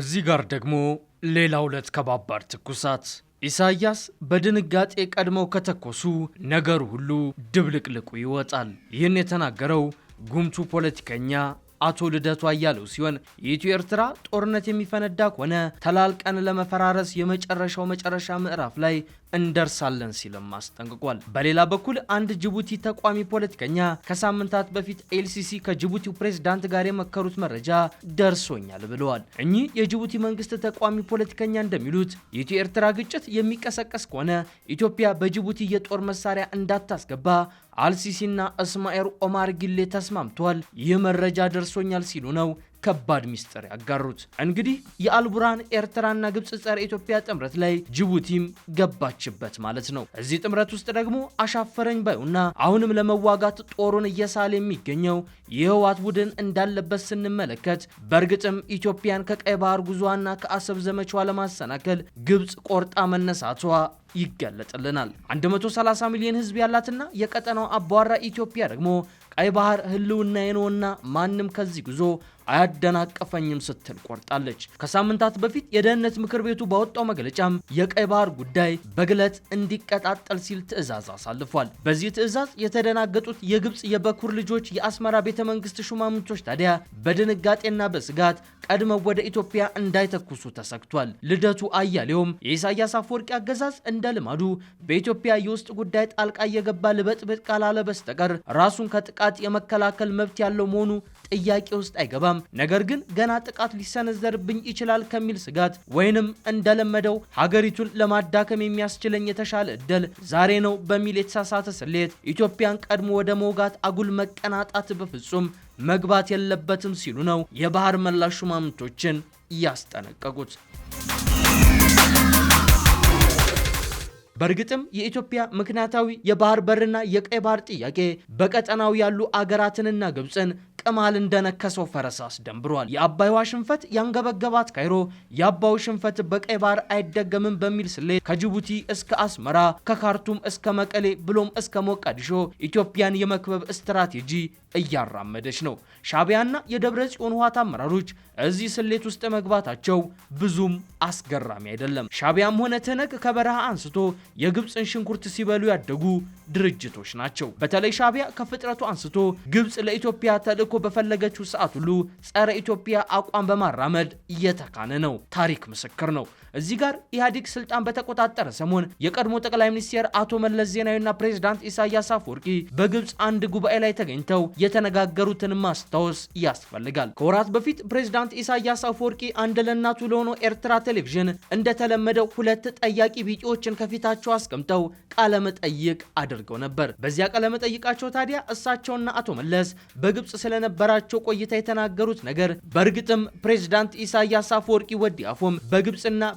እዚህ ጋር ደግሞ ሌላ ሁለት ከባባድ ትኩሳት ኢሳያስ በድንጋጤ ቀድመው ከተኮሱ ነገሩ ሁሉ ድብልቅልቁ ይወጣል። ይህን የተናገረው ጉምቱ ፖለቲከኛ አቶ ልደቱ አያሌው ሲሆን የኢትዮ ኤርትራ ጦርነት የሚፈነዳ ከሆነ ተላልቀን ለመፈራረስ የመጨረሻው መጨረሻ ምዕራፍ ላይ እንደርሳለን ሲልም አስጠንቅቋል። በሌላ በኩል አንድ ጅቡቲ ተቋሚ ፖለቲከኛ ከሳምንታት በፊት ኤልሲሲ ከጅቡቲው ፕሬዝዳንት ጋር የመከሩት መረጃ ደርሶኛል ብለዋል። እኚህ የጅቡቲ መንግስት ተቋሚ ፖለቲከኛ እንደሚሉት የኢትዮ ኤርትራ ግጭት የሚቀሰቀስ ከሆነ ኢትዮጵያ በጅቡቲ የጦር መሳሪያ እንዳታስገባ አልሲሲና እስማኤል ኦማር ጊሌ ተስማምቷል። ይህ መረጃ ደርሶኛል ሲሉ ነው ከባድ ሚስጥር ያጋሩት። እንግዲህ የአልቡርሃን ኤርትራና ግብፅ ጸረ ኢትዮጵያ ጥምረት ላይ ጅቡቲም ገባችበት ማለት ነው። እዚህ ጥምረት ውስጥ ደግሞ አሻፈረኝ ባዩና አሁንም ለመዋጋት ጦሩን እየሳለ የሚገኘው የህወሓት ቡድን እንዳለበት ስንመለከት በእርግጥም ኢትዮጵያን ከቀይ ባህር ጉዞዋና ከአሰብ ዘመቻዋ ለማሰናከል ግብጽ ቆርጣ መነሳቷ ይገለጥልናል። 130 ሚሊዮን ህዝብ ያላትና የቀጠናው አቧራ ኢትዮጵያ ደግሞ ቀይ ባህር ህልውና የነውና ማንም ከዚህ ጉዞ አያደናቀፈኝም ስትል ቆርጣለች። ከሳምንታት በፊት የደህንነት ምክር ቤቱ ባወጣው መግለጫም የቀይ ባህር ጉዳይ በግለት እንዲቀጣጠል ሲል ትዕዛዝ አሳልፏል። በዚህ ትዕዛዝ የተደናገጡት የግብፅ የበኩር ልጆች የአስመራ ቤተ መንግስት ሹማምንቶች ታዲያ በድንጋጤና በስጋት ቀድመው ወደ ኢትዮጵያ እንዳይተኩሱ ተሰግቷል። ልደቱ አያሌውም የኢሳያስ አፈወርቂ አገዛዝ እንደ ልማዱ በኢትዮጵያ የውስጥ ጉዳይ ጣልቃ እየገባ ልበጥብጥ ካላለ በስተቀር ራሱን ከጥቃት የመከላከል መብት ያለው መሆኑ ጥያቄ ውስጥ አይገባም። ነገር ግን ገና ጥቃት ሊሰነዘርብኝ ይችላል ከሚል ስጋት ወይንም እንደለመደው ሀገሪቱን ለማዳከም የሚያስችለኝ የተሻለ እድል ዛሬ ነው በሚል የተሳሳተ ስሌት ኢትዮጵያን ቀድሞ ወደ መውጋት አጉል መቀናጣት በፍጹም መግባት የለበትም ሲሉ ነው የባህር መላሽ ሹማምንቶችን ያስጠነቀቁት። በእርግጥም የኢትዮጵያ ምክንያታዊ የባህር በርና የቀይ ባህር ጥያቄ በቀጠናው ያሉ አገራትንና ግብፅን ቅማል እንደነከሰው ፈረስ አስደንብሯል። የአባይዋ ሽንፈት ያንገበገባት ካይሮ የአባዩ ሽንፈት በቀይ ባህር አይደገምም በሚል ስሌት ከጅቡቲ እስከ አስመራ፣ ከካርቱም እስከ መቀሌ ብሎም እስከ ሞቃዲሾ ኢትዮጵያን የመክበብ ስትራቴጂ እያራመደች ነው። ሻቢያና የደብረ ጽዮን ህወሓት አመራሮች እዚህ ስሌት ውስጥ መግባታቸው ብዙም አስገራሚ አይደለም። ሻቢያም ሆነ ትህነግ ከበረሃ አንስቶ የግብፅን ሽንኩርት ሲበሉ ያደጉ ድርጅቶች ናቸው። በተለይ ሻቢያ ከፍጥረቱ አንስቶ ግብፅ ለኢትዮጵያ ተልዕኮ በፈለገችው ሰዓት ሁሉ ጸረ ኢትዮጵያ አቋም በማራመድ እየተካነ ነው። ታሪክ ምስክር ነው። እዚህ ጋር ኢህአዴግ ስልጣን በተቆጣጠረ ሰሞን የቀድሞ ጠቅላይ ሚኒስትር አቶ መለስ ዜናዊና ፕሬዝዳንት ኢሳያስ አፈወርቂ በግብፅ አንድ ጉባኤ ላይ ተገኝተው የተነጋገሩትን ማስታወስ ያስፈልጋል። ከወራት በፊት ፕሬዝዳንት ኢሳያስ አፈወርቂ አንድ ለእናቱ ለሆነው ኤርትራ ቴሌቪዥን እንደተለመደው ሁለት ጠያቂ ቢጤዎችን ከፊታ በራሳቸው አስቀምጠው ቃለመጠይቅ አድርገው ነበር። በዚያ ቃለመጠይቃቸው ታዲያ እሳቸውና አቶ መለስ በግብጽ ስለነበራቸው ቆይታ የተናገሩት ነገር በእርግጥም ፕሬዝዳንት ኢሳያስ አፈወርቂ ወዲ አፎም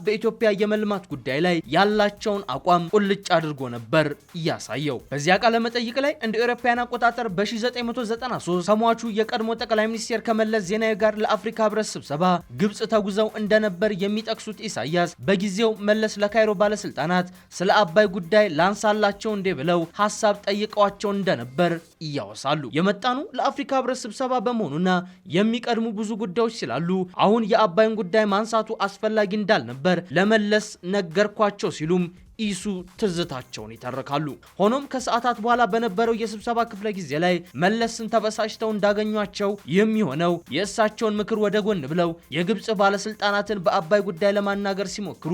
በኢትዮጵያ የመልማት ጉዳይ ላይ ያላቸውን አቋም ቁልጭ አድርጎ ነበር እያሳየው። በዚያ መጠይቅ ላይ እንደ ኤሮፓያን አቆጣጠር በ1993 ሰሟቹ የቀድሞ ጠቅላይ ሚኒስቴር ከመለስ ዜናዊ ጋር ለአፍሪካ ህብረት ስብሰባ ግብጽ ተጉዘው እንደነበር የሚጠቅሱት ኢሳያስ በጊዜው መለስ ለካይሮ ባለስልጣናት ስለ ስለ አባይ ጉዳይ ላንሳላቸው እንዴ ብለው ሀሳብ ጠይቀዋቸው እንደነበር እያወሳሉ። የመጣኑ ለአፍሪካ ህብረት ስብሰባ በመሆኑና የሚቀድሙ ብዙ ጉዳዮች ስላሉ አሁን የአባይን ጉዳይ ማንሳቱ አስፈላጊ እንዳልነበር ለመለስ ነገርኳቸው ሲሉም ኢሱ ትዝታቸውን ይተርካሉ። ሆኖም ከሰዓታት በኋላ በነበረው የስብሰባ ክፍለ ጊዜ ላይ መለስን ተበሳጭተው እንዳገኟቸው የሚሆነው የእሳቸውን ምክር ወደ ጎን ብለው የግብፅ ባለስልጣናትን በአባይ ጉዳይ ለማናገር ሲሞክሩ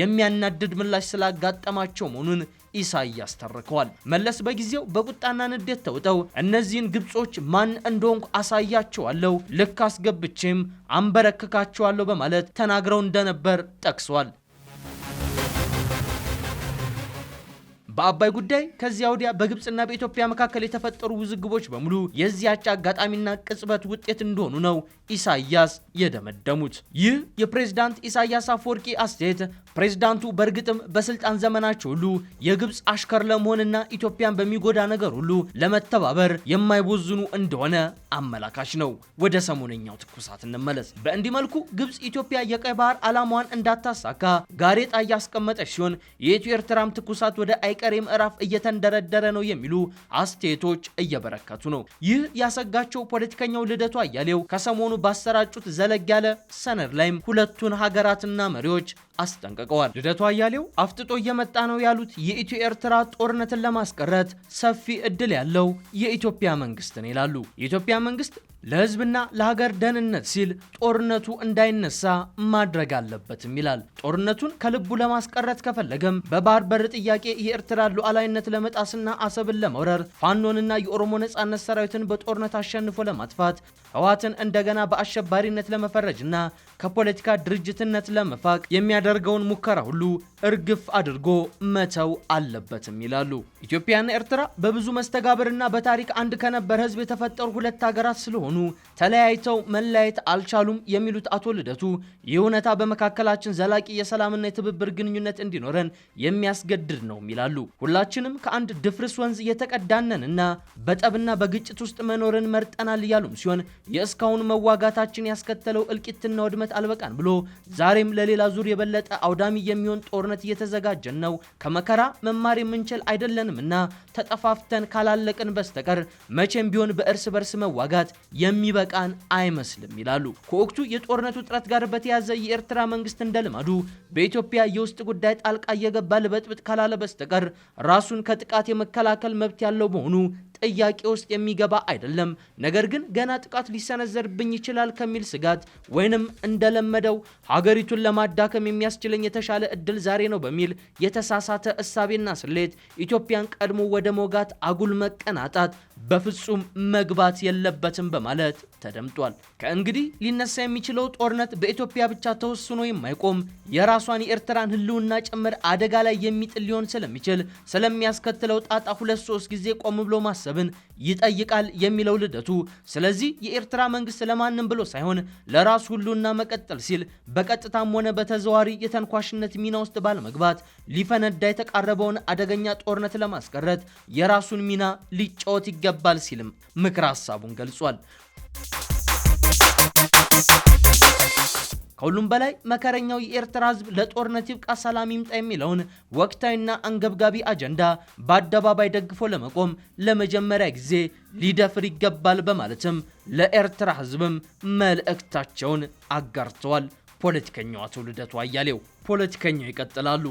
የሚያናድድ ምላሽ ስላጋጠማቸው መሆኑን ኢሳያስ ተርከዋል። መለስ በጊዜው በቁጣና ንዴት ተውጠው እነዚህን ግብጾች ማን እንደሆንኩ አሳያቸዋለሁ፣ ልክ አስገብቼም አንበረክካቸዋለሁ በማለት ተናግረው እንደነበር ጠቅሷል። በአባይ ጉዳይ ከዚያ ወዲያ በግብፅና በኢትዮጵያ መካከል የተፈጠሩ ውዝግቦች በሙሉ የዚያች አጋጣሚና ቅጽበት ውጤት እንደሆኑ ነው ኢሳያስ የደመደሙት። ይህ የፕሬዝዳንት ኢሳያስ አፈወርቂ አስተያየት ፕሬዝዳንቱ በእርግጥም በስልጣን ዘመናቸው ሁሉ የግብፅ አሽከር ለመሆንና ኢትዮጵያን በሚጎዳ ነገር ሁሉ ለመተባበር የማይቦዝኑ እንደሆነ አመላካች ነው። ወደ ሰሞነኛው ትኩሳት እንመለስ። በእንዲህ መልኩ ግብፅ ኢትዮጵያ የቀይ ባህር ዓላማዋን እንዳታሳካ ጋሬጣ እያስቀመጠች ሲሆን የኢትዮ ኤርትራም ትኩሳት ወደ አይቀሬ ምዕራፍ እየተንደረደረ ነው የሚሉ አስተያየቶች እየበረከቱ ነው። ይህ ያሰጋቸው ፖለቲከኛው ልደቱ አያሌው ከሰሞኑ ባሰራጩት ዘለግ ያለ ሰነድ ላይም ሁለቱን ሀገራትና መሪዎች አስጠንቀቀ። አስጠንቅቀዋል። ልደቱ አያሌው አፍጥጦ እየመጣ ነው ያሉት የኢትዮ ኤርትራ ጦርነትን ለማስቀረት ሰፊ እድል ያለው የኢትዮጵያ መንግስት ነው ይላሉ። የኢትዮጵያ መንግስት ለህዝብና ለሀገር ደህንነት ሲል ጦርነቱ እንዳይነሳ ማድረግ አለበትም ይላል። ጦርነቱን ከልቡ ለማስቀረት ከፈለገም በባህር በር ጥያቄ የኤርትራ ሉዓላዊነት ለመጣስና አሰብን ለመውረር ፋኖንና የኦሮሞ ነጻነት ሰራዊትን በጦርነት አሸንፎ ለማጥፋት ህወሓትን እንደገና በአሸባሪነት ለመፈረጅና ከፖለቲካ ድርጅትነት ለመፋቅ የሚያደርገውን ሙከራ ሁሉ እርግፍ አድርጎ መተው አለበትም ይላሉ። ኢትዮጵያና ኤርትራ በብዙ መስተጋብርና በታሪክ አንድ ከነበር ህዝብ የተፈጠሩ ሁለት ሀገራት ስለሆኑ በመሆኑ ተለያይተው መለያየት አልቻሉም የሚሉት አቶ ልደቱ ይህ እውነታ በመካከላችን ዘላቂ የሰላምና የትብብር ግንኙነት እንዲኖረን የሚያስገድድ ነው ይላሉ። ሁላችንም ከአንድ ድፍርስ ወንዝ የተቀዳነንና በጠብና በግጭት ውስጥ መኖርን መርጠናል እያሉም ሲሆን የእስካሁን መዋጋታችን ያስከተለው እልቂትና ውድመት አልበቃን ብሎ ዛሬም ለሌላ ዙር የበለጠ አውዳሚ የሚሆን ጦርነት እየተዘጋጀን ነው። ከመከራ መማር የምንችል አይደለንም እና ተጠፋፍተን ካላለቅን በስተቀር መቼም ቢሆን በእርስ በርስ መዋጋት የሚበቃን አይመስልም ይላሉ። ከወቅቱ የጦርነቱ ውጥረት ጋር በተያዘ የኤርትራ መንግስት እንደልማዱ በኢትዮጵያ የውስጥ ጉዳይ ጣልቃ እየገባ ልበጥብጥ ካላለ በስተቀር ራሱን ከጥቃት የመከላከል መብት ያለው መሆኑ ጥያቄ ውስጥ የሚገባ አይደለም። ነገር ግን ገና ጥቃት ሊሰነዘርብኝ ይችላል ከሚል ስጋት ወይንም እንደለመደው ሀገሪቱን ለማዳከም የሚያስችለኝ የተሻለ እድል ዛሬ ነው በሚል የተሳሳተ እሳቤና ስሌት ኢትዮጵያን ቀድሞ ወደ ሞጋት አጉል መቀናጣት በፍጹም መግባት የለበትም በማለት ተደምጧል። ከእንግዲህ ሊነሳ የሚችለው ጦርነት በኢትዮጵያ ብቻ ተወስኖ የማይቆም የራሷን የኤርትራን ሕልውና ጭምር አደጋ ላይ የሚጥል ሊሆን ስለሚችል ስለሚያስከትለው ጣጣ ሁለት ሶስት ጊዜ ቆም ብሎ ማሰብን ይጠይቃል የሚለው ልደቱ፣ ስለዚህ የኤርትራ መንግስት ለማንም ብሎ ሳይሆን ለራሱ ሕልውና መቀጠል ሲል በቀጥታም ሆነ በተዘዋሪ የተንኳሽነት ሚና ውስጥ ባለመግባት ሊፈነዳ የተቃረበውን አደገኛ ጦርነት ለማስቀረት የራሱን ሚና ሊጫወት ይገባል ይገባል ሲልም ምክር ሀሳቡን ገልጿል። ከሁሉም በላይ መከረኛው የኤርትራ ህዝብ ለጦርነት ይብቃ ሰላም ይምጣ የሚለውን ወቅታዊና አንገብጋቢ አጀንዳ በአደባባይ ደግፎ ለመቆም ለመጀመሪያ ጊዜ ሊደፍር ይገባል በማለትም ለኤርትራ ህዝብም መልእክታቸውን አጋርተዋል። ፖለቲከኛዋ ትውልደቱ አያሌው ፖለቲከኛው ይቀጥላሉ።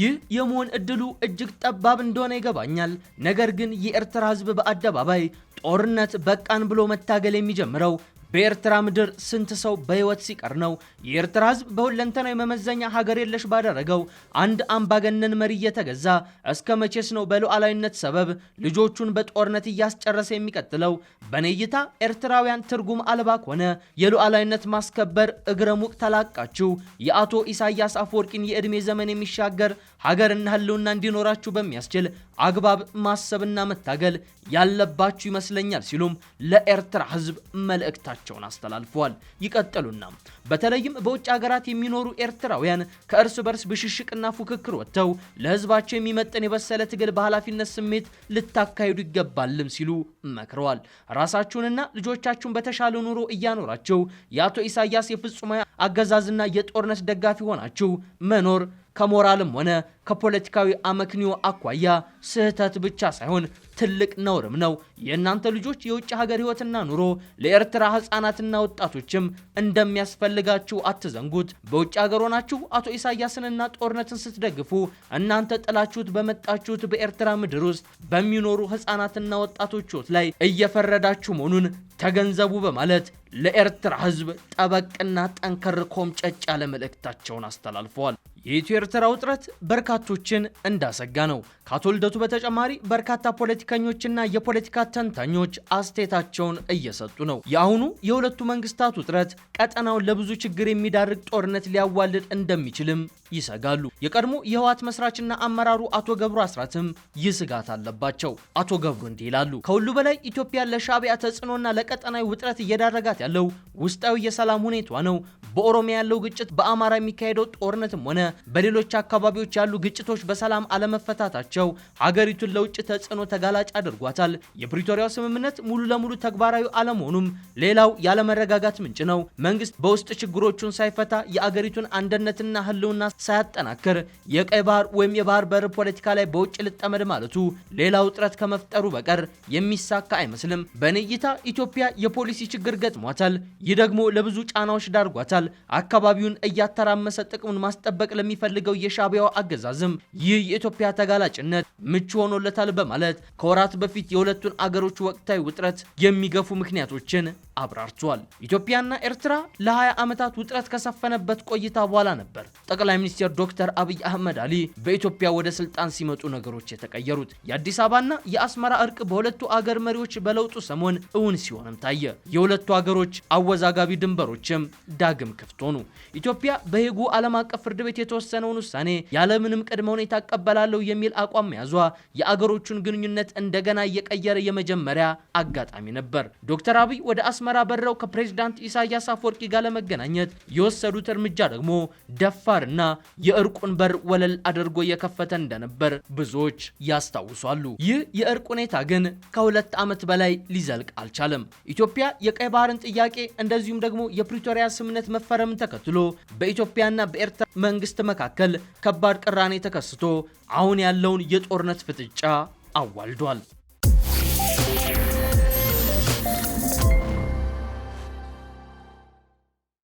ይህ የመሆን እድሉ እጅግ ጠባብ እንደሆነ ይገባኛል። ነገር ግን የኤርትራ ህዝብ በአደባባይ ጦርነት በቃን ብሎ መታገል የሚጀምረው በኤርትራ ምድር ስንት ሰው በህይወት ሲቀር ነው የኤርትራ ህዝብ በሁለንተናዊ መመዘኛ ሀገር የለሽ ባደረገው አንድ አምባገነን መሪ እየተገዛ እስከ መቼስ ነው በሉዓላዊነት ሰበብ ልጆቹን በጦርነት እያስጨረሰ የሚቀጥለው? በእኔ እይታ ኤርትራውያን ትርጉም አልባ ከሆነ የሉዓላዊነት ማስከበር እግረ ሙቅ ተላቃችሁ የአቶ ኢሳያስ አፈወርቂን የዕድሜ ዘመን የሚሻገር ሀገርና ህልውና እንዲኖራችሁ በሚያስችል አግባብ ማሰብና መታገል ያለባችሁ ይመስለኛል ሲሉም ለኤርትራ ህዝብ መልእክታቸው መልእክታቸውን አስተላልፏል። ይቀጥሉና በተለይም በውጭ ሀገራት የሚኖሩ ኤርትራውያን ከእርስ በርስ ብሽሽቅና ፉክክር ወጥተው ለህዝባቸው የሚመጥን የበሰለ ትግል በኃላፊነት ስሜት ልታካሂዱ ይገባልም ሲሉ መክረዋል። ራሳችሁንና ልጆቻችሁን በተሻለ ኑሮ እያኖራቸው የአቶ ኢሳያስ የፍጹማ አገዛዝና የጦርነት ደጋፊ ሆናችሁ መኖር ከሞራልም ሆነ ከፖለቲካዊ አመክንዮ አኳያ ስህተት ብቻ ሳይሆን ትልቅ ነውርም ነው። የእናንተ ልጆች የውጭ ሀገር ህይወትና ኑሮ ለኤርትራ ህጻናትና ወጣቶችም እንደሚያስፈልጋችሁ አትዘንጉት። በውጭ ሀገር ሆናችሁ አቶ ኢሳያስንና ጦርነትን ስትደግፉ እናንተ ጥላችሁት በመጣችሁት በኤርትራ ምድር ውስጥ በሚኖሩ ህጻናትና ወጣቶች ሕይወት ላይ እየፈረዳችሁ መሆኑን ተገንዘቡ በማለት ለኤርትራ ህዝብ ጠበቅና ጠንከር ኮምጨጭ ያለ መልእክታቸውን አስተላልፈዋል። የኢትዮ ኤርትራ ውጥረት በርካቶችን እንዳሰጋ ነው። ከአቶ ልደቱ በተጨማሪ በርካታ ፖለቲከኞችና የፖለቲካ ተንታኞች አስተያየታቸውን እየሰጡ ነው። የአሁኑ የሁለቱ መንግስታት ውጥረት ቀጠናውን ለብዙ ችግር የሚዳርግ ጦርነት ሊያዋልድ እንደሚችልም ይሰጋሉ። የቀድሞ የህወሓት መስራችና አመራሩ አቶ ገብሩ አስራትም ይህ ስጋት አለባቸው። አቶ ገብሩ እንዲህ ይላሉ። ከሁሉ በላይ ኢትዮጵያ ለሻቢያ ተጽዕኖና ለቀጠናዊ ውጥረት እየዳረጋት ያለው ውስጣዊ የሰላም ሁኔታዋ ነው። በኦሮሚያ ያለው ግጭት፣ በአማራ የሚካሄደው ጦርነትም ሆነ በሌሎች አካባቢዎች ያሉ ግጭቶች በሰላም አለመፈታታቸው ሀገሪቱን ለውጭ ተጽዕኖ ተጋላጭ አድርጓታል። የፕሪቶሪያው ስምምነት ሙሉ ለሙሉ ተግባራዊ አለመሆኑም ሌላው ያለመረጋጋት ምንጭ ነው። መንግስት በውስጥ ችግሮቹን ሳይፈታ የአገሪቱን አንድነትና ህልውና ሳያጠናክር የቀይ ባህር ወይም የባህር በር ፖለቲካ ላይ በውጭ ልጠመድ ማለቱ ሌላ ውጥረት ከመፍጠሩ በቀር የሚሳካ አይመስልም። በንይታ ኢትዮጵያ የፖሊሲ ችግር ገጥሟታል። ይህ ደግሞ ለብዙ ጫናዎች ዳርጓታል። ተናግረዋል። አካባቢውን እያተራመሰ ጥቅሙን ማስጠበቅ ለሚፈልገው የሻቢያው አገዛዝም ይህ የኢትዮጵያ ተጋላጭነት ምቹ ሆኖለታል በማለት ከወራት በፊት የሁለቱን አገሮች ወቅታዊ ውጥረት የሚገፉ ምክንያቶችን አብራርቷል። ኢትዮጵያና ኤርትራ ለ20 ዓመታት ውጥረት ከሰፈነበት ቆይታ በኋላ ነበር ጠቅላይ ሚኒስትር ዶክተር አብይ አህመድ አሊ በኢትዮጵያ ወደ ስልጣን ሲመጡ ነገሮች የተቀየሩት። የአዲስ አበባና የአስመራ እርቅ በሁለቱ አገር መሪዎች በለውጡ ሰሞን እውን ሲሆንም ታየ። የሁለቱ አገሮች አወዛጋቢ ድንበሮችም ዳግም ክፍት ሆኑ። ኢትዮጵያ በሄጉ ዓለም አቀፍ ፍርድ ቤት የተወሰነውን ውሳኔ ያለምንም ቅድመ ሁኔታ እቀበላለሁ የሚል አቋም መያዟ የአገሮቹን ግንኙነት እንደገና እየቀየረ የመጀመሪያ አጋጣሚ ነበር። ዶክተር አብይ ወደ አስመራ በረው ከፕሬዝዳንት ኢሳያስ አፈወርቂ ጋር ለመገናኘት የወሰዱት እርምጃ ደግሞ ደፋርና የእርቁን በር ወለል አድርጎ የከፈተ እንደነበር ብዙዎች ያስታውሳሉ። ይህ የእርቅ ሁኔታ ግን ከሁለት ዓመት በላይ ሊዘልቅ አልቻለም። ኢትዮጵያ የቀይ ባህርን ጥያቄ እንደዚሁም ደግሞ የፕሪቶሪያ ስምነት መፈረምን ተከትሎ በኢትዮጵያና በኤርትራ መንግስት መካከል ከባድ ቅራኔ ተከስቶ አሁን ያለውን የጦርነት ፍጥጫ አዋልዷል።